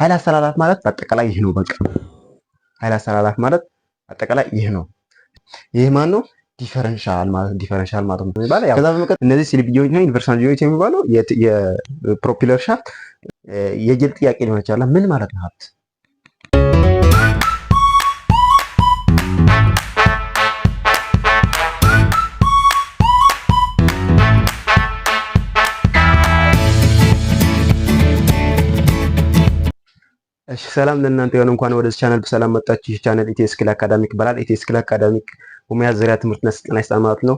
ኃይል አሰላላፍ ማለት በአጠቃላይ ይህ ነው። በቃ ኃይል አሰላላፍ ማለት በአጠቃላይ ይህ ነው። ይህ ማን ነው? ዲፈረንሻል ማለት ዲፈረንሻል ማለት ነው የሚባለው። ከዛ በመቀጠል እነዚህ ሲሊፒጆች ነው ዩኒቨርሳል ጆች የሚባለው የፕሮፒለር ሻፍት የጌጥ ጥያቄ ሊሆን ይችላል። ምን ማለት ነው ሀብት እሺ ሰላም ለእናንተ ይሁን። እንኳን ወደ ቻናል በሰላም መጣችሁ። ይህ ቻናል ኢቲኤስ ስኪል አካዳሚክ ይባላል። ኢቲኤስ ስኪል አካዳሚክ ሙያ ዙሪያ ትምህርትና ስልጠና ይሰጣል ማለት ነው።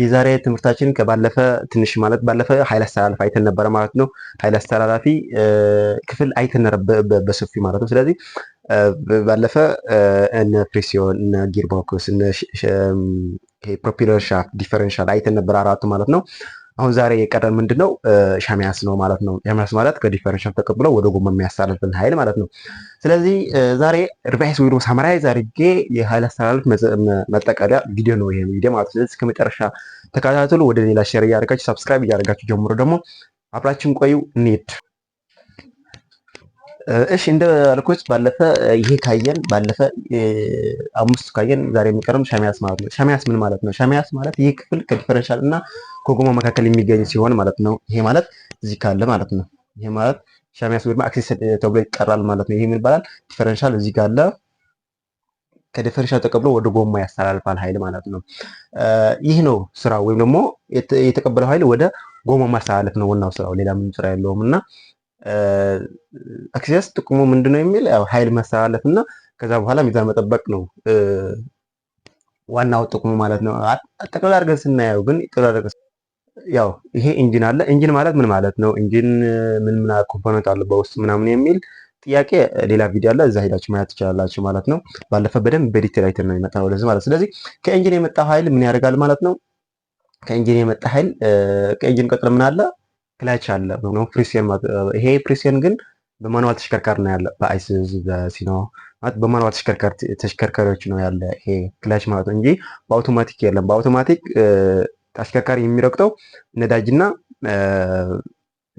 የዛሬ ትምህርታችን ከባለፈ ትንሽ ማለት ባለፈ ኃይል አስተላላፊ አይተን ነበረ ማለት ነው። ኃይል አስተላላፊ ክፍል አይተን በሰፊ ማለት ነው። ስለዚህ ባለፈ እነ ፕሬሲዮን፣ እነ ጊርቦክስ፣ እነ ፕሮፒለር ሻፍ ዲፈረንሻል አይተን ነበረ አራቱ ማለት ነው። አሁን ዛሬ የቀረን ምንድነው? ሻሚያስ ነው ማለት ነው። ሻሚያስ ማለት ከዲፈረንሻል ተቀብሎ ወደ ጎማ የሚያስተላልፍን ኃይል ማለት ነው። ስለዚህ ዛሬ ሪቫይስ ወይ ሳማራይዝ አድርጌ የኃይል አስተላልፍ መጠቀሪያ ቪዲዮ ነው ይሄ ቪዲዮ ማለት ነው። ስለዚህ ከመጨረሻ ተከታተሉ። ወደ ሌላ ሼር እያደረጋችሁ ሰብስክራይብ እያደረጋችሁ ጀምሮ ደግሞ አብራችን ቆዩ። እንሂድ። እሺ እንደ አልኮች ባለፈ ይሄ ካየን ባለፈ አምስቱ ካየን ዛሬ የሚቀርም ሻሚያስ ማለት ነው። ሻሚያስ ምን ማለት ነው? ሻሚያስ ማለት ይሄ ክፍል ከዲፈረንሻል እና ከጎማ መካከል የሚገኝ ሲሆን ማለት ነው። ይሄ ማለት እዚህ ካለ ማለት ነው። ይሄ ማለት ሻሚያስ ሲወድማ አክሲስ ተብሎ ይጠራል ማለት ነው። ይሄ ምን ይባላል? ዲፈረንሻል እዚህ ካለ ከዲፈረንሻል ተቀብሎ ወደ ጎማ ያስተላልፋል ኃይል ማለት ነው። ይህ ነው ስራው፣ ወይም ደግሞ የተቀበለው ኃይል ወደ ጎማ ማስተላለፍ ነው ዋናው ስራው። ሌላ ምን ስራ የለውም እና አክሲስ ጥቅሙ ምንድነው የሚል ኃይል ማስተላለፍ እና ከዛ በኋላ ሚዛን መጠበቅ ነው ዋናው ጥቅሙ ማለት ነው። ጠቅላላ አድርገን ስናየው ግን ጠቅላላ ያው ይሄ ኢንጂን አለ። ኢንጂን ማለት ምን ማለት ነው? ኢንጂን ምን ምን ኮምፖነንት አለ በውስጥ ምናምን የሚል ጥያቄ ሌላ ቪዲዮ አለ፣ እዛ ሄዳችሁ ማየት ትችላላችሁ ማለት ነው። ባለፈ በደንብ በዲቴል አይተን ነው የመጣነው ወደዚህ ማለት። ስለዚህ ከኢንጂን የመጣ ኃይል ምን ያደርጋል ማለት ነው? ከኢንጂን የመጣ ኃይል ከኢንጂን ቀጥሎ ምን አለ? ክላች አለ ነው ፕሪሲየን። ይሄ ፕሪሲየን ግን በማኑዋል ተሽከርካሪ ነው ያለ፣ በአይሱዙ በሲኖ ማለት በማኑዋል ተሽከርካሪዎች ነው ያለ ይሄ ክላች ማለት ነው እንጂ በአውቶማቲክ የለም። በአውቶማቲክ ከአሽከርካሪ የሚረግጠው ነዳጅና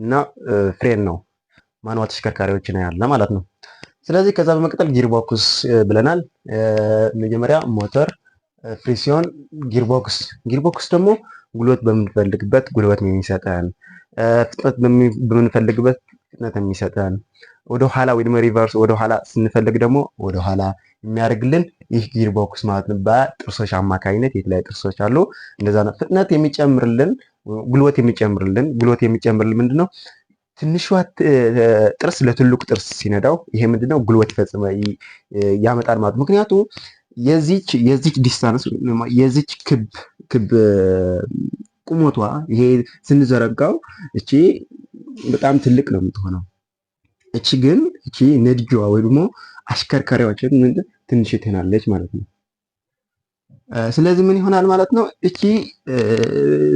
እና ፍሬን ነው። ማንዋል ተሽከርካሪዎች ነው ያለ ማለት ነው። ስለዚህ ከዛ በመቀጠል ጊርቦክስ ብለናል። መጀመሪያ ሞተር፣ ሲሆን ጊርቦክስ። ጊርቦክስ ደግሞ ጉልበት በምንፈልግበት ጉልበት የሚሰጠን፣ ፍጥነት በምንፈልግበት ፍጥነት የሚሰጠን፣ ወደኋላ ደግሞ ሪቨርስ ኋላ ስንፈልግ ደግሞ ወደኋላ የሚያደርግልን ይህ ጊር ቦክስ ማለት ነው። በጥርሶች አማካኝነት የተለያዩ ጥርሶች አሉ። እንደዛ ነው ፍጥነት የሚጨምርልን ጉልበት የሚጨምርልን ጉልበት የሚጨምርልን ምንድን ነው? ትንሿ ጥርስ ለትልቁ ጥርስ ሲነዳው ይሄ ነው? ጉልበት ይፈጽመ ያመጣል ማለት ምክንያቱ የዚች የዚች ዲስታንስ የዚች ክብ ክብ ቁመቷ ይሄ ስንዘረጋው እቺ በጣም ትልቅ ነው የምትሆነው። እቺ ግን እቺ ነድጇ ወይ ደግሞ አሽከርካሪዎችን ትንሽ ትሆናለች ማለት ነው። ስለዚህ ምን ይሆናል ማለት ነው? እቺ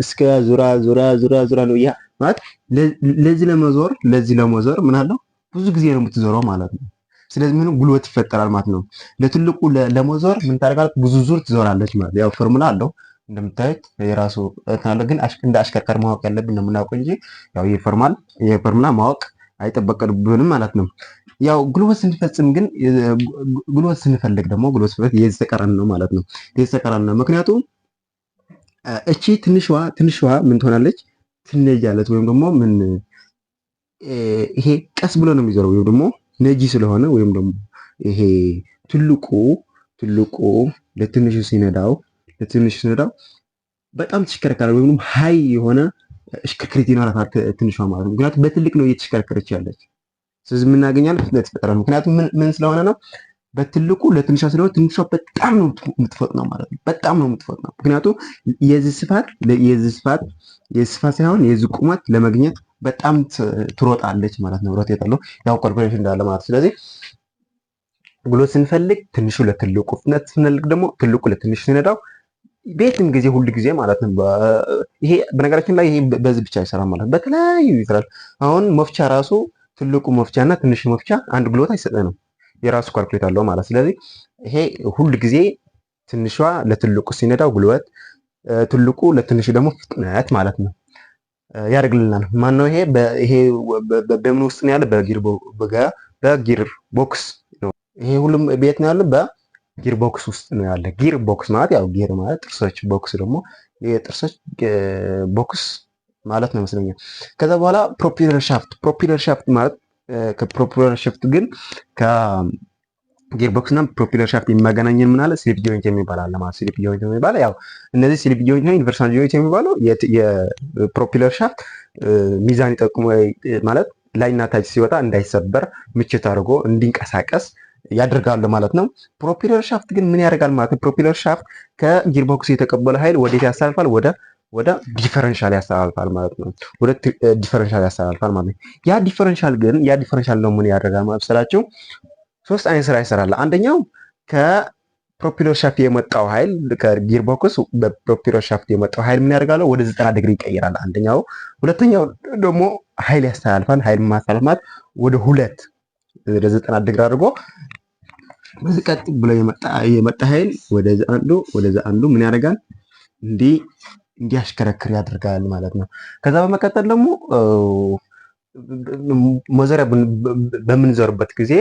እስከ ዙራ ዙራ ዙራ ዙራ ነው ያ ማለት ለዚህ ለመዞር ለዚህ ለመዞር ምን አለው ብዙ ጊዜ ነው የምትዞረው ማለት ነው። ስለዚህ ምን ጉልበት ይፈጠራል ማለት ነው። ለትልቁ ለመዞር ምን ታደርጋለች? ብዙ ዙር ትዞራለች ማለት ያው ፎርሙላ አለው እንደምታዩት የራሱ ታለ ግን እንደ አሽከርካሪ ማወቅ ያለብን ነው የምናውቀው እንጂ ያው የፎርማል የፎርሙላ ማወቅ አይጠበቅብንም ማለት ነው። ያው ጉልበት ስንፈጽም ግን ጉልበት ስንፈልግ ደግሞ ጉልበት የዚህ ተቃራኒ ነው ማለት ነው። የዚህ ተቃራኒ ነው። ምክንያቱም እቺ ትንሽዋ ትንሽዋ ምን ትሆናለች? ትነጃለች ወይም ደግሞ ምን ይሄ ቀስ ብሎ ነው የሚዞረው ወይም ደግሞ ነጂ ስለሆነ ወይም ደግሞ ይሄ ትልቁ ትልቁ ለትንሹ ሲነዳው ለትንሹ ሲነዳው በጣም ትሽከረከራል ወይም ሀይ የሆነ እሽክርክሪት ይኖራታል ትንሿ ማለት ነው። ምክንያቱም በትልቅ ነው እየተሽከረከረች ያለች ስለዚህ የምናገኛል ፍጥነት ይፈጠራል። ምክንያቱም ምን ስለሆነ ነው? በትልቁ ለትንሿ ስለሆነ ትንሿ በጣም ነው የምትፈጥ ነው ማለት ነው። በጣም ነው የምትፈጥ ነው። ምክንያቱም የዚህ ስፋት የዚህ ስፋት የዚህ ስፋት ሳይሆን የዚህ ቁመት ለመግኘት በጣም ትሮጣለች ማለት ነው። ሮቴት አለው ያው ኮርፖሬሽን እንዳለ ማለት ስለዚህ ብሎ ስንፈልግ ትንሹ ለትልቁ ፍጥነት ስንፈልግ ደግሞ ትልቁ ለትንሽ ሲነዳው ቤትም ጊዜ ሁሉ ጊዜ ማለት ነው። ይሄ በነገራችን ላይ ይሄ በዚህ ብቻ አይሰራም ማለት ነው። በተለያዩ ይሰራል። አሁን መፍቻ ራሱ ትልቁ መፍቻ እና ትንሹ መፍቻ አንድ ብሎት አይሰጠንም። የራሱ ካልኩሌት አለው ማለት ስለዚህ ይሄ ሁል ጊዜ ትንሿ ለትልቁ ሲነዳው ጉልበት፣ ትልቁ ለትንሹ ደግሞ ፍጥነት ማለት ነው ያደርግልናል። ነው ይሄ ይሄ በምን ውስጥ ነው ያለ? በጊር ቦክስ ነው። ይሄ ሁሉም ቤት ነው ያለ በጊር ቦክስ ውስጥ ነው ያለ። ጊር ቦክስ ማለት ያው ጊር ማለት ጥርሶች፣ ቦክስ ደግሞ የጥርሶች ቦክስ ማለት ነው ይመስለኛል። ከዛ በኋላ ፕሮፒለር ሻፍት ፕሮፒለር ሻፍት ማለት ከፕሮፒለር ሻፍት ግን ከጌርቦክስ እና ፕሮፒለር ሻፍት የሚያገናኘን ምናለ ስሊፕ ጆይንት የሚባል አለ ማለት ስሊፕ ጆይንት የሚባል ያው እነዚህ ስሊፕ ጆይንት እና ዩኒቨርሳል ጆይንት የሚባለው የፕሮፒለር ሻፍት ሚዛን ይጠቁሙ ማለት ላይና ታች ሲወጣ እንዳይሰበር ምችት አድርጎ እንዲንቀሳቀስ ያደርጋሉ ማለት ነው። ፕሮፒለር ሻፍት ግን ምን ያደርጋል ማለት ነው? ፕሮፒለር ሻፍት ከጊርቦክስ የተቀበለ ኃይል ወዴት ያሳልፋል? ወደ ወደ ዲፈረንሻል ያስተላልፋል ማለት ነው። ወደ ዲፈረንሻል ያስተላልፋል ማለት ነው። ያ ዲፈረንሻል ግን ያ ዲፈረንሻል ነው ምን ያደርጋል ማለት ስላችሁ ሶስት አይነት ስራ ይሰራል። አንደኛው ከፕሮፒለር ሻፍት የመጣው ኃይል ከጊርቦክስ በፕሮፒለር ሻፍት የመጣው ኃይል ምን ያደርጋል ወደ ዘጠና ዲግሪ ይቀይራል። አንደኛው። ሁለተኛው ደግሞ ኃይል ያስተላልፋል። ኃይል ማስተላልፋት ወደ ሁለት ወደ ዘጠና ዲግሪ አድርጎ በዚህ ቀጥ ብሎ የመጣ ኃይል ወደዚ አንዱ ወደዚ አንዱ ምን ያደርጋል እንዲህ እንዲያሽከረክር ያደርጋል ማለት ነው። ከዛ በመቀጠል ደግሞ ሞዘሪያ በምንዘሩበት ጊዜ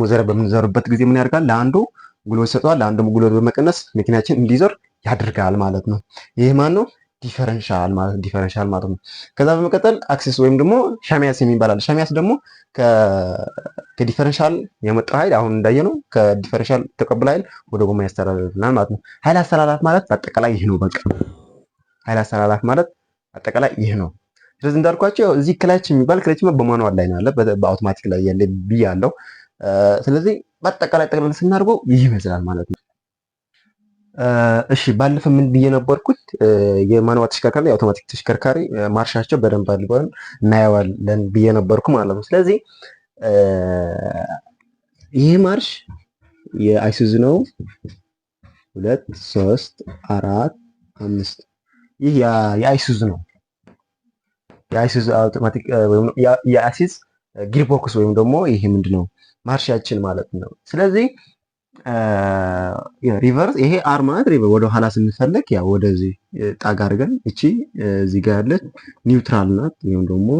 ሞዘሪያ በምንዘሩበት ጊዜ ምን ያደርጋል? ለአንዱ ጉልበት ይሰጠዋል፣ ለአንዱ ጉልበት በመቀነስ መኪናችን እንዲዘር ያደርጋል ማለት ነው። ይህ ማን ነው? ዲፈረንሻል ማለት ነው። ከዛ በመቀጠል አክሲስ ወይም ደግሞ ሻሚያስ የሚባላል። ሻሚያስ ደግሞ ከዲፈረንሻል የመጣው ኃይል አሁን እንዳየ ነው። ከዲፈረንሻል ተቀብሎ ኃይል ወደ ጎማ ያስተላልፍናል ማለት ነው። ኃይል አስተላላፍ ማለት በአጠቃላይ ይህ ነው በቃ ኃይል አሰላላፍ ማለት አጠቃላይ ይህ ነው። ስለዚህ እንዳልኳቸው እዚህ ክላች የሚባል ክላች በማኑዋል ላይ ነው ያለ በአውቶማቲክ ላይ ያለ ብዬ ያለው ስለዚህ በአጠቃላይ ጠቅላላ ስናደርገው ይህ ይመስላል ማለት ነው። እሺ ባለፈ ምን ብዬ ነበርኩት? የማኑዋል ተሽከርካሪ የአውቶማቲክ ተሽከርካሪ ማርሻቸው በደንብ አድርገን እናየዋለን ብዬ ነበርኩ ማለት ነው። ስለዚህ ይህ ማርሽ የአይሱዙ ነው። ሁለት ሶስት አራት አምስት ይህ የአይሱዝ ነው። የአይሱዝ አውቶማቲክ ወይም የአሲስ ጊርቦክስ ወይም ደግሞ ይሄ ምንድን ነው ማርሻችን ማለት ነው። ስለዚህ ሪቨርስ ይሄ አር ማለት ሪቨር ወደ ኋላ ስንፈልግ ያው ወደዚህ ጣጋ አድርገን እቺ እዚህ ጋር ያለች ኒውትራል ናት ወይም ደግሞ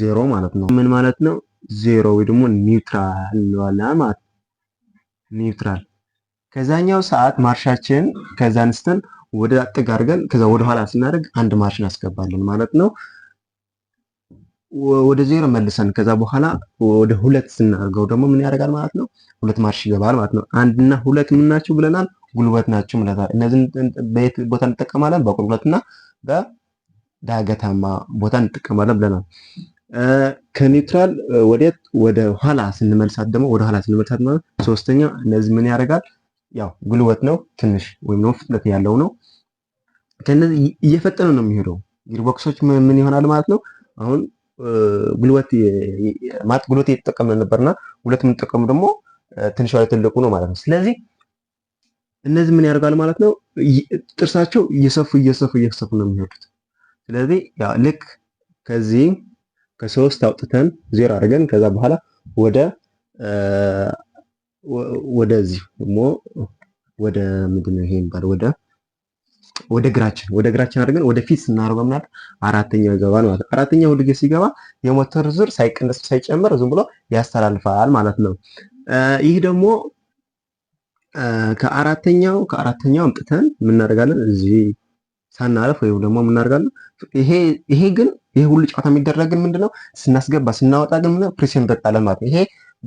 ዜሮ ማለት ነው። ምን ማለት ነው? ዜሮ ወይ ደግሞ ኒውትራል ዋላ ማለት ኒውትራል ከዛኛው ሰዓት ማርሻችን ከዛ አንስተን ወደ ጥግ አድርገን ከዛ ወደ ኋላ ስናደርግ አንድ ማርሽ እናስገባለን ማለት ነው። ወደ ዜሮ መልሰን ከዛ በኋላ ወደ ሁለት ስናደርገው ደግሞ ምን ያደርጋል ማለት ነው? ሁለት ማርሽ ይገባል ማለት ነው። አንድ እና ሁለት ምን ናቸው ብለናል? ጉልበት ናቸው ብለናል። እነዚህን በየት ቦታ እንጠቀማለን? በቁልቁለትና በዳገታማ ቦታ እንጠቀማለን ብለናል። ከኒውትራል ወዴት ወደ ኋላ ስንመልሳት ደግሞ ወደ ኋላ ስንመልሳት ማለት ሶስተኛ፣ እነዚህ ምን ያደርጋል? ያው ጉልበት ነው ትንሽ ወይም ደግሞ ፍጥነት ያለው ነው። ከነዚህ እየፈጠኑ ነው የሚሄደው። ጊርቦክሶች ምን ይሆናል ማለት ነው አሁን ጉልበት ማለት ጉልበት እየተጠቀመ ነበርና ሁለት የምንጠቀሙ ደግሞ ትንሽ ላይ ትልቁ ነው ማለት ነው። ስለዚህ እነዚህ ምን ያደርጋል ማለት ነው ጥርሳቸው እየሰፉ እየሰፉ እየሰፉ ነው የሚሄዱት። ስለዚህ ያ ልክ ከዚህ ከሶስት አውጥተን ዜሮ አድርገን ከዛ በኋላ ወደ ወደዚህ ደግሞ ወደ ምንድን ነው ይሄ የሚባለው ወደ ወደ ግራችን ወደ ግራችን አድርገን ወደ ፊት ስናደርገው ምናል አራተኛው ይገባል ማለት ነው። አራተኛው ሁልጊዜ ሲገባ የሞተር ዝር ሳይቀንስ ሳይጨምር ዝም ብሎ ያስተላልፋል ማለት ነው። ይህ ደግሞ ከአራተኛው ከአራተኛው አምጥተን የምናደርጋለን እዚህ ሳናለፍ ወይም ደግሞ የምናደርጋለን ይሄ ይሄ ግን ይሄ ሁሉ ጨዋታ ግን ምንድነው ስናስገባ ስናወጣ ግን ምንድነው ፕሬስ እንጠጣለን ማለት ነው። ይሄ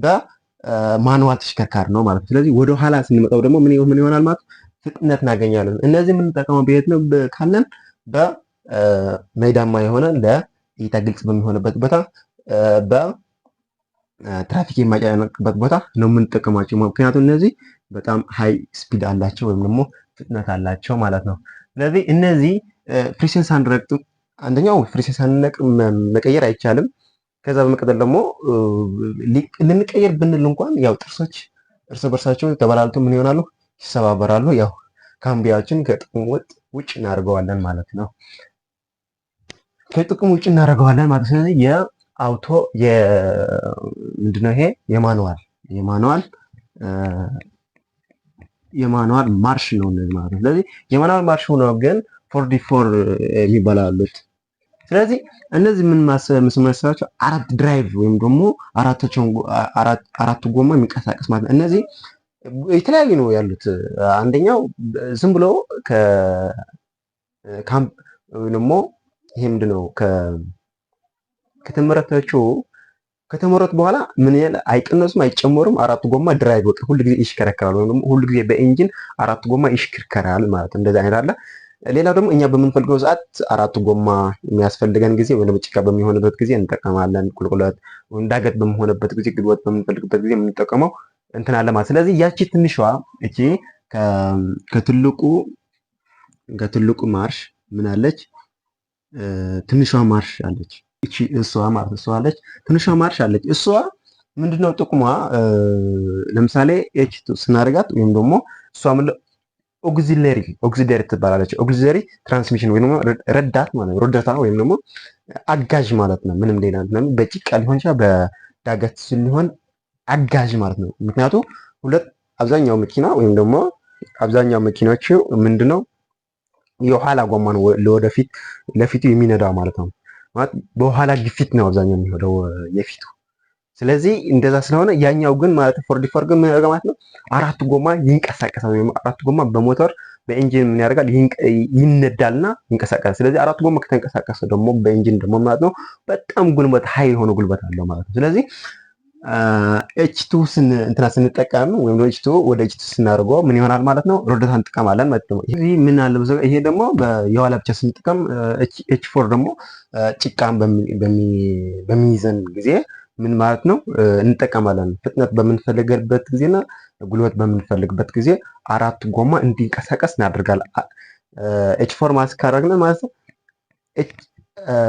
በማኑዋል ተሽከርካሪ ነው ማለት ነው። ስለዚህ ወደ ኋላ ስንመጣው ደግሞ ምን ይሆናል ማለት ነው ፍጥነት እናገኛለን። እነዚህ የምንጠቀመው በየት ነው ካለን በሜዳማ የሆነ ለእይታ ግልጽ በሚሆንበት ቦታ በትራፊክ የማይጨናነቅበት ቦታ ነው የምንጠቀማቸው። ምክንያቱም እነዚህ በጣም ሃይ ስፒድ አላቸው ወይም ደግሞ ፍጥነት አላቸው ማለት ነው። ስለዚህ እነዚህ ፍሪሴንስ ሳንረግጥ አንደኛው ፍሪሴንስ ሳንነቅ መቀየር አይቻልም። ከዛ በመቀጠል ደግሞ ልንቀየር ብንል እንኳን ያው ጥርሶች እርስ በርሳቸው ተበላልቶ ምን ይሆናሉ ይሰባበራሉ። ያው ካምቢያችን ከጥቅም ውጭ እናደርገዋለን ማለት ነው። ከጥቅም ውጭ እናደርገዋለን ማለት ስለዚህ የአውቶ ምንድነው ይሄ የማንዋል የማኑዋል የማኑዋል ማርሽ ነው እነዚህ ማለት ነው። ስለዚህ የማንዋል ማርሽ ሆኖ ግን ፎርዲ ፎር የሚባሉ ስለዚህ እነዚህ ምን መስመሰላቸው አራት ድራይቭ ወይም ደግሞ አራቱ ጎማ የሚንቀሳቀስ ማለት ነው እነዚህ የተለያዩ ነው ያሉት። አንደኛው ዝም ብሎ ከካምፕ ወይ ደግሞ ይሄ ምንድን ነው ከተመረተችው ከተመረቱ በኋላ ምን ያለ አይቀነሱም አይጨመሩም። አራት ጎማ ድራይቭ በቃ ሁሉ ጊዜ ይሽከረከራል፣ ወይም ደግሞ ሁሉ ጊዜ በኢንጂን አራት ጎማ ይሽከረከራል ማለት እንደዛ አይነት አለ። ሌላው ደግሞ እኛ በምንፈልገው ሰዓት አራት ጎማ የሚያስፈልገን ጊዜ ወይ ደግሞ ጭቃ በሚሆንበት ጊዜ እንጠቀማለን። ቁልቁለት ዳገት በሚሆንበት ጊዜ፣ ግድወት በምንፈልግበት ጊዜ የምንጠቀመው እንትን አለ ማለት። ስለዚህ ያቺ ትንሿ እቺ ከትልቁ ከትልቁ ማርሽ ምን አለች? ትንሿ ማርሽ አለች። እቺ እሷ ማለት እሷ አለች፣ ትንሿ ማርሽ አለች። እሷ ምንድነው ጥቅሟ? ለምሳሌ ኤች ስናደርጋት ወይም ደግሞ እሷ ምን ኦግዚሌሪ ኦግዚሌሪ ትባላለች። ኦግዚሌሪ ትራንስሚሽን ወይም ረዳት ማለት ነው። ረዳታ ወይም ደግሞ አጋዥ ማለት ነው። ምንም ሌላ በጭቃ ሊሆን ይችላል፣ በዳገት ሲሆን አጋዥ ማለት ነው። ምክንያቱ ሁለት አብዛኛው መኪና ወይም ደግሞ አብዛኛው መኪኖቹ ምንድነው የኋላ ጎማ ነው ለወደፊት ለፊቱ የሚነዳው ማለት ነው። ማለት በኋላ ግፊት ነው አብዛኛው የሚሄደው የፊቱ። ስለዚህ እንደዛ ስለሆነ ያኛው ግን ማለት ፎርዲ ፎር ግን ምን ያደርጋል ማለት ነው አራት ጎማ ይንቀሳቀሳል። ወይም አራት ጎማ በሞተር በኢንጂን ምን ያደርጋል ይነዳልና ይንቀሳቀሳል። ስለዚህ አራት ጎማ ከተንቀሳቀሰ ደግሞ በኢንጂን ደግሞ ማለት ነው በጣም ጉልበት ሀይል የሆነ ጉልበት አለው ማለት ነው። ስለዚህ ኤችቱ እንትና ስንጠቀም ወይም ኤችቱ ወደ ኤችቱ ስናደርገው ምን ይሆናል ማለት ነው? ሮዶታ እንጠቀማለን ማለት ነው። ይህ ምን አለ ይሄ ደግሞ የኋላ ብቻ ስንጠቀም ኤች ፎር ደግሞ ጭቃን በሚይዘን ጊዜ ምን ማለት ነው እንጠቀማለን። ፍጥነት በምንፈልገበት ጊዜና ጉልበት በምንፈልግበት ጊዜ አራት ጎማ እንዲንቀሳቀስ እናደርጋለን። ኤች ፎር ማለት ካደረግን ማለት ነው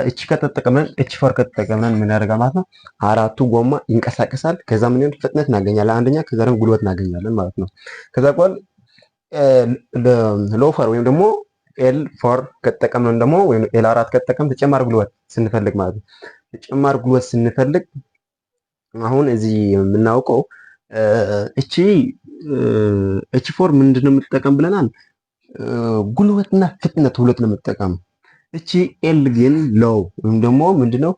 እች ከተጠቀመን እች ፎር ከተጠቀመን ምን ያደርጋል ማለት ነው? አራቱ ጎማ ይንቀሳቀሳል። ከዛ ምን ይሆን ፍጥነት እናገኛለን አንደኛ፣ ከዛ ደግሞ ጉልበት እናገኛለን ማለት ነው። ከዛ ቆል ሎፈር ወይም ደግሞ ኤል ፎር ከተጠቀምን ደግሞ ወይም ኤል አራት ከተጠቀምን ተጨማሪ ጉልበት ስንፈልግ ማለት ነው። ተጨማሪ ጉልበት ስንፈልግ አሁን እዚህ የምናውቀው እቺ እቺ ፎር ምንድነው የምትጠቀም ብለናል? ጉልበትና ፍጥነት ሁለት ነው የምትጠቀም እቺ ኤል ግን ሎው ወይም ደግሞ ምንድነው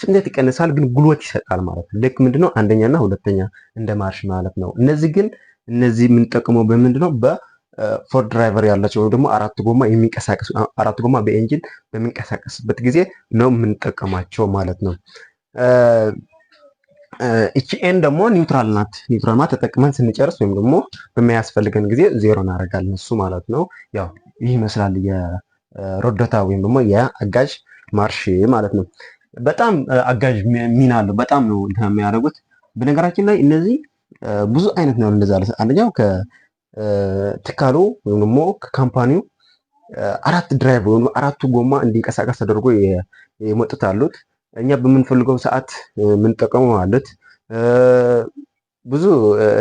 ፍጥነት ይቀንሳል፣ ግን ጉልበት ይሰጣል ማለት ነው። ልክ ምንድነው አንደኛና ሁለተኛ እንደ ማርሽ ማለት ነው። እነዚህ ግን እነዚህ የምንጠቅመው በምንድነው በፎር ድራይቨር ያላቸው ወይም ደግሞ አራት ጎማ የሚንቀሳቀስ አራት ጎማ በኤንጂን በሚንቀሳቀስበት ጊዜ ነው የምንጠቀማቸው ማለት ነው። እቺ ኤን ደግሞ ኒውትራል ናት። ኒውትራል ናት ተጠቅመን ስንጨርስ ወይም ደግሞ በሚያስፈልገን ጊዜ ዜሮ እናደርጋለን እሱ ማለት ነው። ያው ይህ ይመስላል ሮዶታ ወይም ደግሞ የአጋዥ ማርሽ ማለት ነው። በጣም አጋዥ ሚና አለው። በጣም ነው እንትን የሚያደርጉት። በነገራችን ላይ እነዚህ ብዙ አይነት ነው። እንደዛ አንደኛው ከትካሉ ወይም ደግሞ ከካምፓኒው አራት ድራይቭ ወይም አራቱ ጎማ እንዲንቀሳቀስ ተደርጎ የመጡት አሉት። እኛ በምንፈልገው ሰዓት የምንጠቀመው አሉት። ብዙ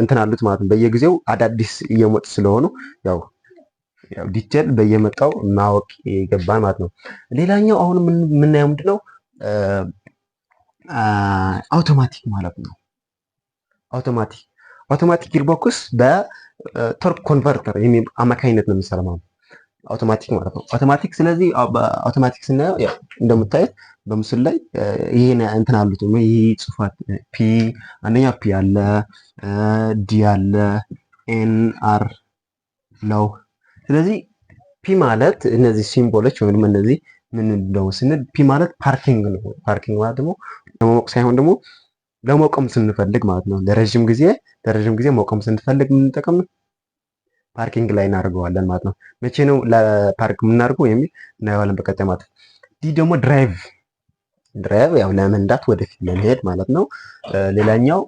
እንትን አሉት ማለት ነው። በየጊዜው አዳዲስ እየመጡ ስለሆኑ ያው ዲቴል በየመጣው ማወቅ ይገባል ማለት ነው። ሌላኛው አሁን የምናየው ምንድነው አውቶማቲክ ማለት ነው። አውቶማቲክ አውቶማቲክ ጊርቦክስ በቶርክ ኮንቨርተር አማካኝነት ነው የሚሰራ ማለት አውቶማቲክ ማለት ነው። አውቶማቲክ ስለዚህ አውቶማቲክ ስናየው እንደምታየት በምስሉ ላይ ይሄን እንትን አሉት ይህ ይሄ ጽፋት ፒ አንደኛ ፒ አለ ዲ አለ ኤን አር ነው ስለዚህ ፒ ማለት እነዚህ ሲምቦሎች ወይም እነዚህ ምን እንደሆነ ስንል ፒ ማለት ፓርኪንግ ነው። ፓርኪንግ ማለት ደግሞ ለመሞቅ ሳይሆን ደግሞ ለመቆም ስንፈልግ ማለት ነው። ለረዥም ጊዜ ለረዥም ጊዜ መቆም ስንፈልግ የምንጠቀም ፓርኪንግ ላይ እናደርገዋለን ማለት ነው። መቼ ነው ለፓርክ የምናደርገው የሚል እናየዋለን በቀጣይ ማለት ነው። ዲ ደግሞ ድራይቭ ድራይቭ ያው ለመንዳት ወደፊት ለመሄድ ማለት ነው። ሌላኛው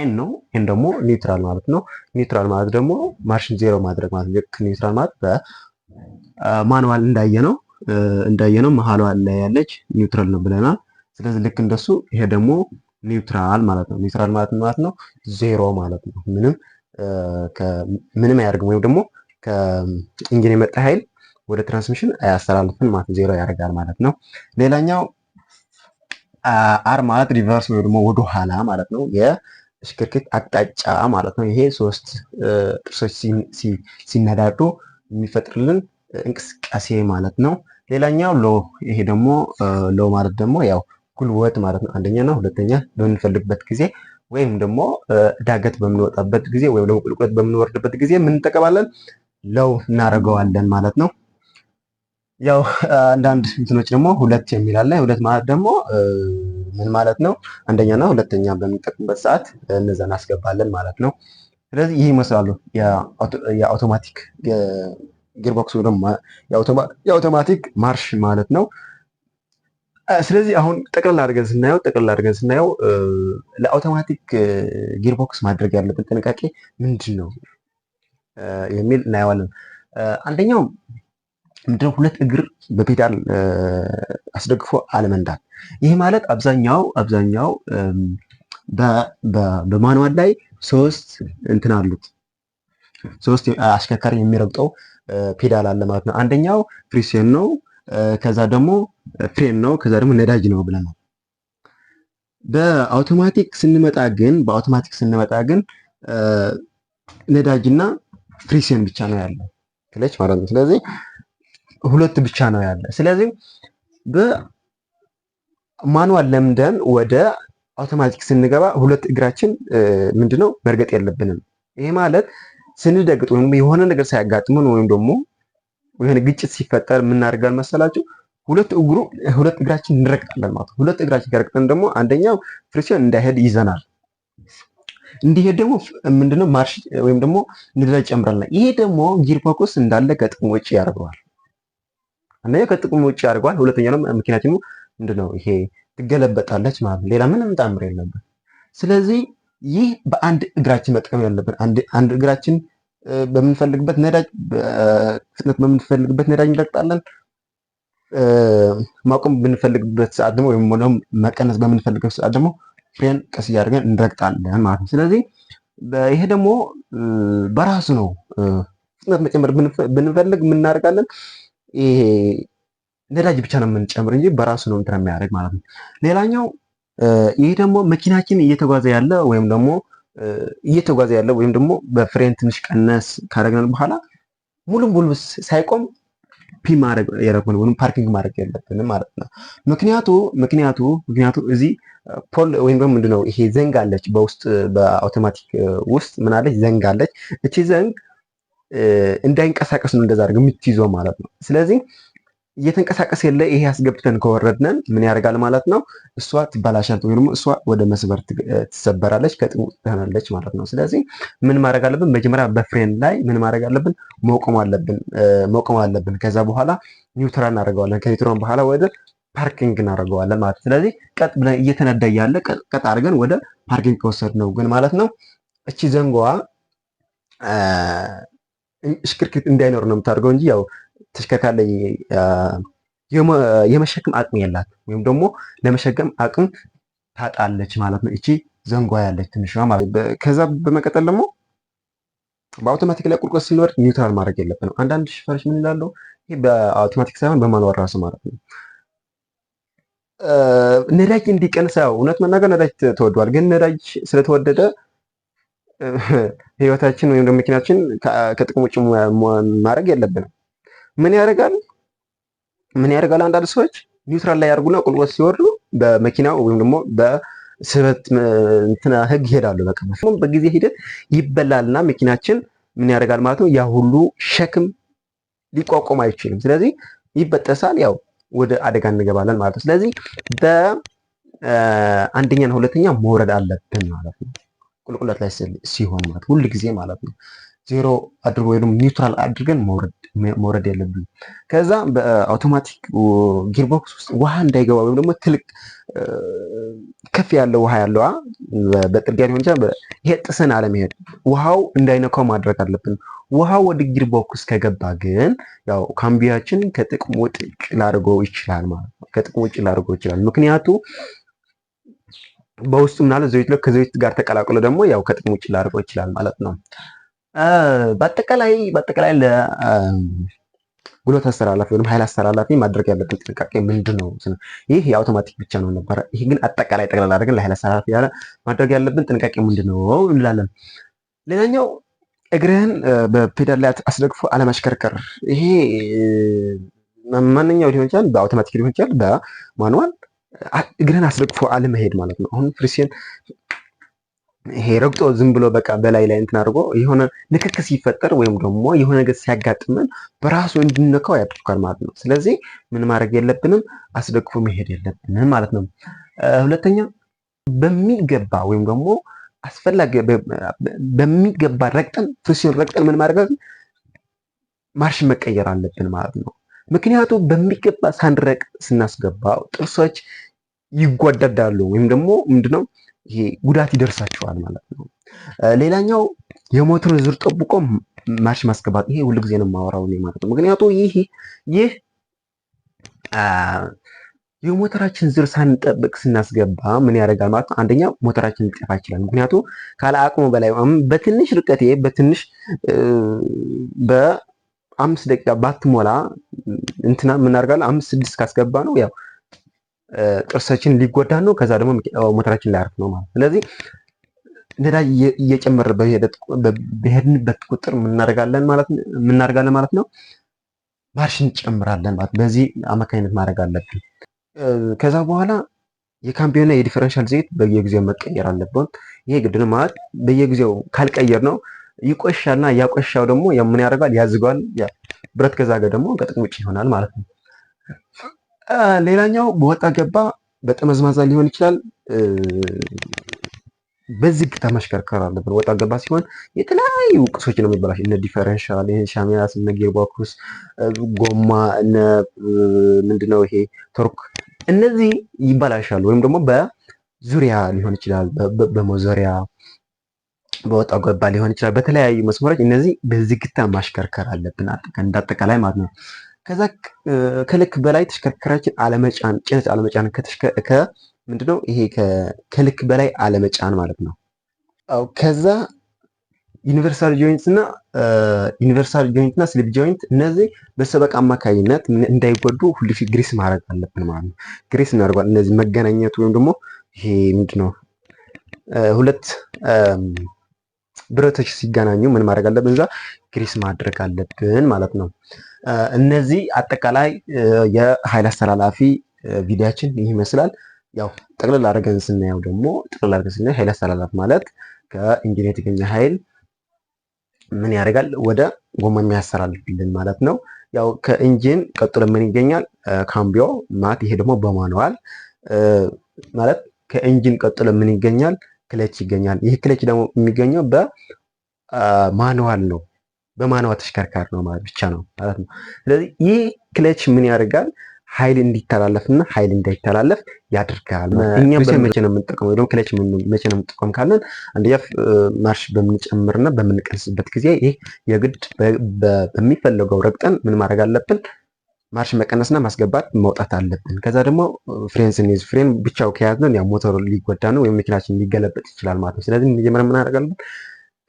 ኤን ነው። ኤን ደግሞ ኒውትራል ማለት ነው። ኒውትራል ማለት ደግሞ ማርሽን ዜሮ ማድረግ ማለት ነው። ኒውትራል ማለት በማንዋል እንዳየ ነው እንዳየ ነው መሀሏ ላይ ያለች ኒውትራል ነው ብለናል። ስለዚህ ልክ እንደሱ ይሄ ደግሞ ኒውትራል ማለት ነው። ኒውትራል ማለት ማለት ነው ዜሮ ማለት ነው። ምንም ምንም አያደርግም ወይም ደግሞ ከኢንጂን የመጣ ኃይል ወደ ትራንስሚሽን አያስተላልፍም ማለት ዜሮ ያደርጋል ማለት ነው። ሌላኛው አር ማለት ሪቨርስ ወይም ደግሞ ወደኋላ ማለት ነው። ሽክርክሪት አቅጣጫ ማለት ነው። ይሄ ሶስት ጥርሶች ሲነዳዱ የሚፈጥርልን እንቅስቃሴ ማለት ነው። ሌላኛው ሎ፣ ይሄ ደግሞ ሎ ማለት ደግሞ ያው ጉልበት ማለት ነው። አንደኛ አንደኛና ሁለተኛ በምንፈልግበት ጊዜ ወይም ደግሞ ዳገት በምንወጣበት ጊዜ ወይም ደግሞ ቁልቁለት በምንወርድበት ጊዜ ምን እንጠቀማለን? ለው እናደርገዋለን ማለት ነው። ያው አንዳንድ እንትኖች ደግሞ ሁለት የሚል አለ። ሁለት ማለት ደግሞ ምን ማለት ነው? አንደኛና ሁለተኛ በምንጠቅምበት ሰዓት እነዛን እናስገባለን ማለት ነው። ስለዚህ ይህ ይመስላሉ የአውቶማቲክ ጊርቦክስ የአውቶማቲክ ማርሽ ማለት ነው። ስለዚህ አሁን ጠቅላላ አድርገን ስናየው ጠቅላላ አድርገን ስናየው ለአውቶማቲክ ጊርቦክስ ማድረግ ያለብን ጥንቃቄ ምንድን ነው የሚል እናየዋለን። አንደኛው ምንድነው ሁለት እግር በፔዳል አስደግፎ አለመንዳት። ይህ ማለት አብዛኛው አብዛኛው በማንዋል ላይ ሶስት እንትን አሉት ሶስት አሽከርካሪ የሚረግጠው ፔዳል አለ ማለት ነው። አንደኛው ፍሪሴን ነው፣ ከዛ ደግሞ ፍሬን ነው፣ ከዛ ደግሞ ነዳጅ ነው ብለናል። በአውቶማቲክ ስንመጣ ግን በአውቶማቲክ ስንመጣ ግን ነዳጅና ፍሪሴን ብቻ ነው ያለው ክለች ማለት ነው። ስለዚህ ሁለት ብቻ ነው ያለ። ስለዚህ በማኑዋል ለምደን ወደ አውቶማቲክ ስንገባ ሁለት እግራችን ምንድነው መርገጥ የለብንም። ይሄ ማለት ስንደግጥ ወይም የሆነ ነገር ሳያጋጥመን ወይም ደግሞ የሆነ ግጭት ሲፈጠር የምናደርጋል መሰላችሁ ሁለት እግሩ ሁለት እግራችን እንረግጣለን ማለት ነው። ሁለት እግራችን ከረግጠን ደግሞ አንደኛው ፍሪክሽን እንዳይሄድ ይዘናል። እንዲሄድ ደግሞ ምንድነው ማርሽ ወይም ደግሞ ንድረ ጨምራልና ይሄ ደግሞ ጊር ፎከስ እንዳለ ከጥቅም ውጭ ያደርገዋል። አንደኛ ከጥቅም ውጭ ያደርገዋል። ሁለተኛ ደግሞ መኪናችን ምንድን ነው ይሄ ትገለበጣለች ማለት ሌላ ምንም ታምር የለበት። ስለዚህ ይህ በአንድ እግራችን መጠቀም ያለብን አንድ እግራችን በምንፈልግበት ነዳጅ ፍጥነት በምንፈልግበት ነዳጅ እንደቅጣለን። ማቆም በምንፈልግበት ሰዓት ደግሞ ወይም ደግሞ መቀነስ በምንፈልግበት ሰዓት ደግሞ ፍሬን ቀስ እያደረገን እንረግጣለን ማለት ነው። ስለዚህ ይሄ ደግሞ በራሱ ነው። ፍጥነት መጨመር ብንፈልግ እናርጋለን። ይሄ ነዳጅ ብቻ ነው የምንጨምር እንጂ በራሱ ነው እንትን የሚያደርግ ማለት ነው። ሌላኛው ይሄ ደግሞ መኪናችን እየተጓዘ ያለ ወይም ደግሞ እየተጓዘ ያለ ወይም ደግሞ በፍሬን ትንሽ ቀነስ ካደረግን በኋላ ሙሉ ሙሉ ሳይቆም ፒ ማድረግ የለብንም ወይም ፓርኪንግ ማድረግ የለብንም ማለት ነው። ምክንያቱ ምክንያቱ ምክንያቱ እዚህ ፖል ወይም ደግሞ ምንድነው ይሄ ዘንግ አለች፣ በውስጥ በአውቶማቲክ ውስጥ ምን አለች ዘንግ አለች። እቺ ዘንግ እንዳይንቀሳቀስ ነው እንደዛ አድርገው የምትይዘው ማለት ነው። ስለዚህ እየተንቀሳቀስ የለ ይሄ ያስገብተን ከወረድነን ምን ያደርጋል ማለት ነው። እሷ ትባላሻል ወይ ደግሞ እሷ ወደ መስበር ትሰበራለች፣ ከጥሙ ትሆናለች ማለት ነው። ስለዚህ ምን ማድረግ አለብን? መጀመሪያ በፍሬን ላይ ምን ማድረግ አለብን? መቆም አለብን፣ መቆም አለብን። ከዛ በኋላ ኒውትራል እናደርገዋለን። ከኒውትራል በኋላ ወደ ፓርኪንግ እናደርገዋለን ማለት ነው። ስለዚህ ቀጥ ብለን እየተነዳ ያለ ቀጥ አድርገን ወደ ፓርኪንግ ከወሰድ ነው ግን ማለት ነው እቺ ዘንጓዋ ሽክርክሪት እንዳይኖር ነው የምታደርገው እንጂ ያው ተሽከርካሪ ላይ አቅም የላት ወይም ደግሞ ለመሸከም አቅም ታጣለች ማለት ነው። እቺ ዘንጓ ያለች ትንሽ ማለት ከዛ በመቀጠል ደግሞ በአውቶማቲክ ላይ ቁልቁለት ስንወርድ ኒውትራል ማድረግ ነው። አንዳንድ ሽፈሮች ምን ይላሉ? ይህ በአውቶማቲክ ሳይሆን በማንዋል ራሱ ማለት ነው። ነዳጅ እንዲቀንስ ያው እውነት መናገር ነዳጅ ተወዷል፣ ግን ነዳጅ ስለተወደደ ህይወታችን ወይም ደግሞ መኪናችን ከጥቅም ውጭ ማድረግ የለብንም። ምን ያደርጋል ምን ያደርጋል? አንዳንድ ሰዎች ኒውትራል ላይ ያደርጉና ቁልቁለት ሲወርዱ በመኪናው ወይም ደግሞ በስበት እንትና ህግ ይሄዳሉ። በቃ በጊዜ ሂደት ይበላልና መኪናችን ምን ያደርጋል ማለት ነው። ያ ሁሉ ሸክም ሊቋቋም አይችልም። ስለዚህ ይበጠሳል። ያው ወደ አደጋ እንገባለን ማለት ነው። ስለዚህ በአንደኛና ሁለተኛ መውረድ አለብን ማለት ነው። ቁልቁለት ላይ ሲሆን ማለት ሁል ጊዜ ማለት ነው ዜሮ አድርጎ ወይም ኒውትራል አድርገን መውረድ ያለብን። ከዛ በአውቶማቲክ ጊርቦክስ ውስጥ ውሃ እንዳይገባ ወይም ደግሞ ትልቅ ከፍ ያለው ውሃ ያለዋ በጥርጊያ ሊሆን ይችላል። ይሄ ጥሰን አለመሄድ ውሃው እንዳይነካው ማድረግ አለብን። ውሃው ወደ ጊርቦክስ ከገባ ግን ያው ካምቢያችን ከጥቅም ውጭ ላድርጎ ይችላል ማለት ነው። ከጥቅም ውጭ ላድርጎ ይችላል ምክንያቱ በውስጡ ምናለ ዘይት ነው። ከዘይት ጋር ተቀላቅሎ ደግሞ ያው ከጥቅም ውጭ ላርቀው ይችላል ማለት ነው። በአጠቃላይ በአጠቃላይ ለጉልበት አስተላላፊ ወይም ኃይል አስተላላፊ ማድረግ ያለብን ጥንቃቄ ምንድን ነው? ይህ የአውቶማቲክ ብቻ ነው ነበረ። ይህ ግን አጠቃላይ ጠቅላላ አድርገን ለኃይል አስተላላፊ ማድረግ ያለብን ጥንቃቄ ምንድን ነው እንላለን። ሌላኛው እግርህን በፔዳል ላይ አስደግፎ አለማሽከርከር። ይሄ ማንኛው ሊሆን ይችላል፣ በአውቶማቲክ ሊሆን ይችላል፣ በማኑዋል እግርን አስደግፎ አለመሄድ ማለት ነው። አሁን ፍሪሲን ይሄ ረግጦ ዝም ብሎ በቃ በላይ ላይ እንትን አድርጎ የሆነ ንክክ ሲፈጠር ወይም ደግሞ የሆነ ነገር ሲያጋጥመን በራሱ እንድንነካው ያደርጋል ማለት ነው። ስለዚህ ምን ማድረግ የለብንም? አስደግፎ መሄድ የለብንም ማለት ነው። ሁለተኛ በሚገባ ወይም ደግሞ አስፈላጊ በሚገባ ረግጠን ፍሪሲዮን ረግጠን ምን ማድረግ ማርሽ መቀየር አለብን ማለት ነው። ምክንያቱም በሚገባ ሳንረቅ ስናስገባው ጥርሶች ይጓደዳሉ ወይም ደግሞ ምንድነው ይሄ ጉዳት ይደርሳቸዋል ማለት ነው። ሌላኛው የሞተርን ዝር ጠብቆ ማርሽ ማስገባት፣ ይሄ ጊዜ ነው የማወራው እኔ ማለት ነው። ምክንያቱ ይህ ይህ የሞተራችን ዝር ሳንጠብቅ ስናስገባ ምን ያደርጋል ማለት ነው። አንደኛ ሞተራችን ሊጠፋ ይችላል። ምክንያቱ ካለ አቅሙ በላይ በትንሽ ርቀት በትንሽ በአምስት ደቂቃ ባትሞላ እንትና ምን አምስት ስድስት ካስገባ ነው ያው ጥርሳችን ሊጎዳ ነው። ከዛ ደግሞ ሞተራችን ላያርፍ ነው ማለት ስለዚህ ነዳጅ እየጨመረ በሄድንበት ቁጥር ምናደርጋለን ማለት ነው፣ ማርሽ እንጨምራለን ማለት በዚህ አማካኝነት ማድረግ አለብን። ከዛ በኋላ የካምቢዮና የዲፈረንሻል ዘይት በየጊዜው መቀየር አለብን። ይሄ ግድ ነው ማለት በየጊዜው ካልቀየር ነው ይቆሻና ያቆሻው ደግሞ ምን ያደርጋል? ያዝጓል። ብረት ከዛገ ደግሞ ከጥቅም ውጭ ይሆናል ማለት ነው። ሌላኛው በወጣ ገባ በጠመዝማዛ ሊሆን ይችላል። በዝግታ ማሽከርከር አለብን። ወጣ ገባ ሲሆን የተለያዩ ቅሶች ነው የሚበላሽ። እነ ዲፈረንሻል፣ ይህን ሻሚያስ፣ እነ ጌርባኩስ ጎማ፣ እነ ምንድነው ይሄ ቶርክ፣ እነዚህ ይበላሻሉ። ወይም ደግሞ በዙሪያ ሊሆን ይችላል፣ በመዞሪያ በወጣ ገባ ሊሆን ይችላል። በተለያዩ መስመሮች እነዚህ በዝግታ ማሽከርከር አለብን፣ እንዳጠቃላይ ማለት ነው። ከዛ ከልክ በላይ ተሽከርካሪዎችን አለመጫን ጭነት አለመጫን ምንድነው ይሄ ከልክ በላይ አለመጫን ማለት ነው። ከዛ ዩኒቨርሳል ጆይንት እና ዩኒቨርሳል ጆይንት እና ስሊፕ ጆይንት እነዚህ በሰበቅ አማካኝነት እንዳይጎዱ ሁልፊት ግሪስ ማድረግ አለብን ማለት ነው። ግሪስ እናደርጓል እነዚህ መገናኘቱ ወይም ደግሞ ይሄ ምንድነው ሁለት ብረቶች ሲገናኙ ምን ማድረግ አለብን? እዛ ግሪስ ማድረግ አለብን ማለት ነው። እነዚህ አጠቃላይ የኃይል አስተላላፊ ቪዲያችን ይህ ይመስላል። ያው ጠቅልል አድርገን ስናየው ደግሞ ጠቅልል አድርገን ስናየው ኃይል አስተላላፊ ማለት ከኢንጂን የተገኘ ኃይል ምን ያደርጋል? ወደ ጎማ የሚያሰራልልን ማለት ነው። ያው ከኢንጂን ቀጥሎ ምን ይገኛል? ካምቢዮ ማት። ይሄ ደግሞ በማኑዋል ማለት ከኢንጂን ቀጥሎ ምን ይገኛል? ክለች ይገኛል። ይህ ክለች ደግሞ የሚገኘው በማኑዋል ነው። በማነዋ ተሽከርካሪ ነው ማለት ብቻ ነው ማለት ነው። ስለዚህ ይህ ክለች ምን ያደርጋል? ኃይል እንዲተላለፍ እና ኃይል እንዳይተላለፍ ያደርጋል። እኛም መቼ ነው የምንጠቀመው ደግሞ ክለች መቼ ነው የምንጠቀም ካለን አንደኛ ማርሽ በምንጨምርና በምንቀንስበት ጊዜ ይህ የግድ በሚፈለገው ረግጠን ምን ማድረግ አለብን? ማርሽ መቀነስና ማስገባት መውጣት አለብን። ከዛ ደግሞ ፍሬን ስንይዝ ፍሬን ብቻው ከያዝነን ያ ሞተሩ ሊጎዳ ነው ወይም መኪናችን ሊገለበጥ ይችላል ማለት ነው። ስለዚህ መጀመሪያ ምን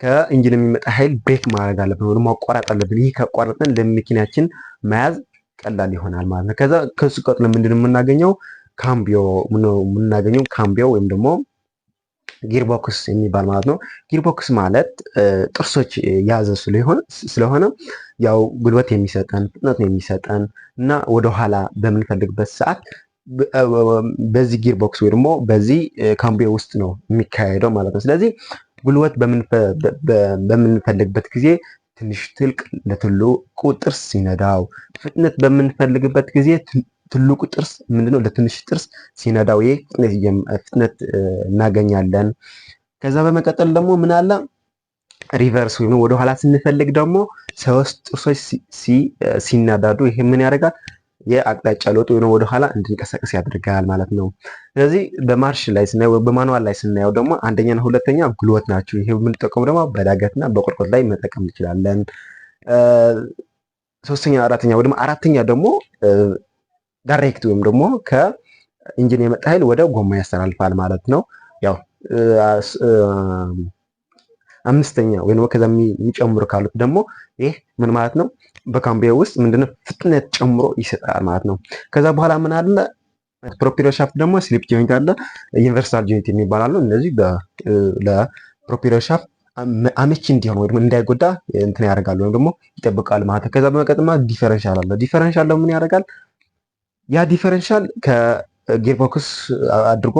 ከኢንጂን የሚመጣ ኃይል ብሬክ ማድረግ አለብን ወይም ማቋረጥ አለብን። ይህ ከቋረጥን ለመኪናችን መያዝ ቀላል ይሆናል ማለት ነው። ከዛ ከሱ ቀጥሎ ምንድን የምናገኘው ካምቢዮ የምናገኘው ካምቢዮ ወይም ደግሞ ጊርቦክስ የሚባል ማለት ነው። ጊርቦክስ ማለት ጥርሶች የያዘ ስለሆነ ያው ጉልበት የሚሰጠን ፍጥነት የሚሰጠን እና ወደኋላ በምንፈልግበት ሰዓት በዚህ ጊርቦክስ ወይ ደግሞ በዚህ ካምቢዮ ውስጥ ነው የሚካሄደው ማለት ነው። ስለዚህ ጉልበት በምንፈልግበት ጊዜ ትንሽ ትልቅ ለትልቁ ጥርስ ሲነዳው፣ ፍጥነት በምንፈልግበት ጊዜ ትልቁ ጥርስ ምንድነው ለትንሽ ጥርስ ሲነዳው፣ ይሄ ፍጥነት እናገኛለን። ከዛ በመቀጠል ደግሞ ምን አለ ሪቨርስ ወይም ወደኋላ ስንፈልግ ደግሞ ሶስት ጥርሶች ሲናዳዱ ይሄ ምን ያደርጋል? የአቅጣጫ ለውጥ ወይም ወደኋላ እንድንቀሳቀስ ያደርጋል ማለት ነው። ስለዚህ በማርሽ ላይ ስናየው በማኑዋል ላይ ስናየው ደግሞ አንደኛና ሁለተኛ ጉልበት ናቸው። ይሄ የምንጠቀሙ ደግሞ በዳገትና በቁርቁት ላይ መጠቀም እንችላለን። ሶስተኛ፣ አራተኛ ወይ ደግሞ አራተኛ ደግሞ ዳይሬክት ወይም ደግሞ ከኢንጂን የመጣ ኃይል ወደ ጎማ ያስተላልፋል ማለት ነው። ያው አምስተኛ ወይም ከዛ የሚጨምሩ ካሉት ደግሞ ይህ ምን ማለት ነው? በካምቢያ ውስጥ ምንድነው ፍጥነት ጨምሮ ይሰጣል ማለት ነው። ከዛ በኋላ ምን አለ ሻፍት ደግሞ ስሊፕ ጆይንት አለ፣ ዩኒቨርሳል ጆይንት የሚባል አለ። እነዚህ ሻፍት አመቺ እንዲሆን ወይ እንዳይጎዳ እንትን ያደርጋሉ ወይም ደግሞ ይጠብቃል ማለት ነው። ከዛ በመቀጥማ ዲፈረንሻል አለ። ዲፈረንሻል ደግሞ ምን ያደርጋል ያ ዲፈረንሻል ጌርቦክስ አድርጎ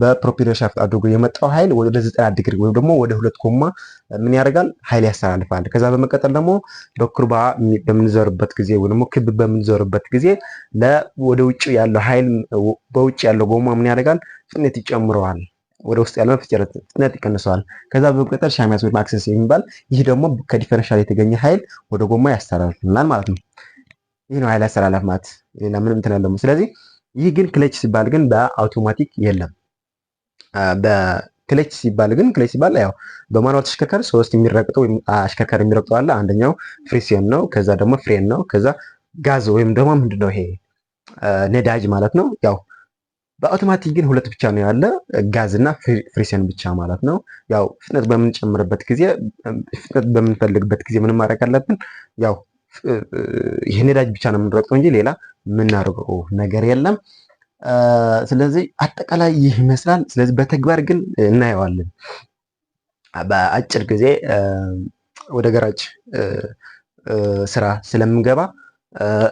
በፕሮፔለር አድርጎ የመጣው ኃይል ወደ ዘጠና ዲግሪ ወይም ደግሞ ወደ ሁለት ጎማ ምን ያደርጋል ኃይል ያስተላልፋል። ከዛ በመቀጠል ደግሞ በኩርባ በምንዘርበት ጊዜ ወይ ደግሞ ክብ በምንዘርበት ጊዜ ወደ ውጭ ያለው ኃይል በውጭ ያለው ጎማ ምን ያደርጋል ፍጥነት ይጨምረዋል፣ ወደ ውስጥ ያለው ፍጥነት ይቀንሰዋል። ከዛ በመቀጠል ሻሚያስ ወይም አክሰስ የሚባል ይህ ደግሞ ከዲፈረንሻል የተገኘ ኃይል ወደ ጎማ ያስተላልፍልናል ማለት ነው። ይህ ነው ኃይል ያስተላልፍ ማለት ሌላ ምንም እንትን ያለው ስለዚህ ይህ ግን ክለች ሲባል ግን በአውቶማቲክ የለም። በክለች ሲባል ግን ክለች ሲባል ያው በማኑዋል ተሽከርካሪ ሶስት የሚረግጠው አሽከርካሪ የሚረግጠው አለ። አንደኛው ፍሪሲየን ነው፣ ከዛ ደግሞ ፍሬን ነው፣ ከዛ ጋዝ ወይም ደግሞ ምንድነው ይሄ ነዳጅ ማለት ነው። ያው በአውቶማቲክ ግን ሁለት ብቻ ነው ያለ፣ ጋዝና ፍሪሲየን ብቻ ማለት ነው። ያው ፍጥነት በምንጨምርበት ጊዜ ፍጥነት በምንፈልግበት ጊዜ ምን ማድረግ አለብን? ያው ይህ ነዳጅ ብቻ ነው የምንረግጠው እንጂ ሌላ የምናደርገው ነገር የለም። ስለዚህ አጠቃላይ ይህ ይመስላል። ስለዚህ በተግባር ግን እናየዋለን። በአጭር ጊዜ ወደ ገራጅ ስራ ስለምንገባ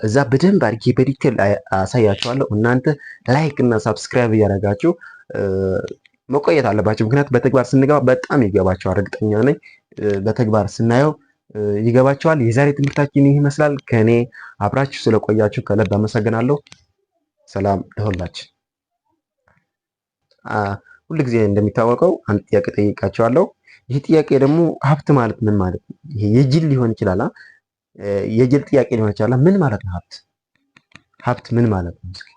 እዛ በደንብ አድርጌ በዲቴል አሳያችኋለሁ። እናንተ ላይክ እና ሳብስክራይብ እያደረጋችሁ መቆየት አለባቸው። ምክንያቱም በተግባር ስንገባ በጣም ይገባቸዋል፣ እርግጠኛ ነኝ። በተግባር ስናየው ይገባቸዋል። የዛሬ ትምህርታችን ይህ ይመስላል። ከእኔ አብራችሁ ስለቆያችሁ ከልብ አመሰግናለሁ። ሰላም ለሁላችን። ጊዜ እንደሚታወቀው አንድ ጥያቄ ጠይቃቸዋለሁ። ይህ ጥያቄ ደግሞ ሀብት ማለት ምን ማለት ነው? ይሄ የጅል ሊሆን ይችላል፣ የጅል ጥያቄ ሊሆን ይችላል። ምን ማለት ነው ሀብት? ሀብት ምን ማለት ነው?